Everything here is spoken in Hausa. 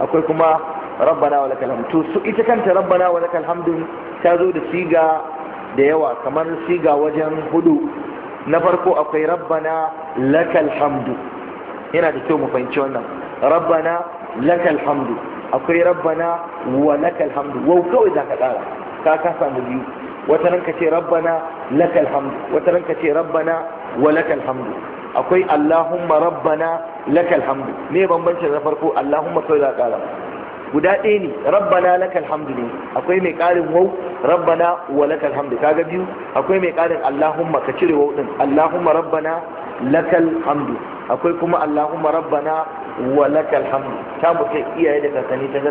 akwai kuma rabbana wa lakal hamdu. su ita kanta rabbana wa lakal hamdu ta zo da siga da yawa kamar siga wajen hudu na farko akwai rabbana lakal hamdu. yana da kyau mu fahimci wannan rabbana lakal hamdu. akwai rabbana wa lakal hamdu. wau kawai za ka tsara ka ka samu biyu wata ranka ce rabbana lakal hamdu wata ranka ce rabbana wa lakal hamdu akwai Allahumma rabbana lakal hamdu me bambancin na farko Allahumma kai da ƙara guda ɗaya ne rabbana lakal hamdu ne akwai mai ƙarin wau rabbana wa lakal hamdu kaga biyu akwai mai ƙarin Allahumma ka cire wau din Allahumma rabbana lakal hamdu akwai kuma Allahumma rabbana wa lakal hamdu ta mutai iyaye da kakanni ta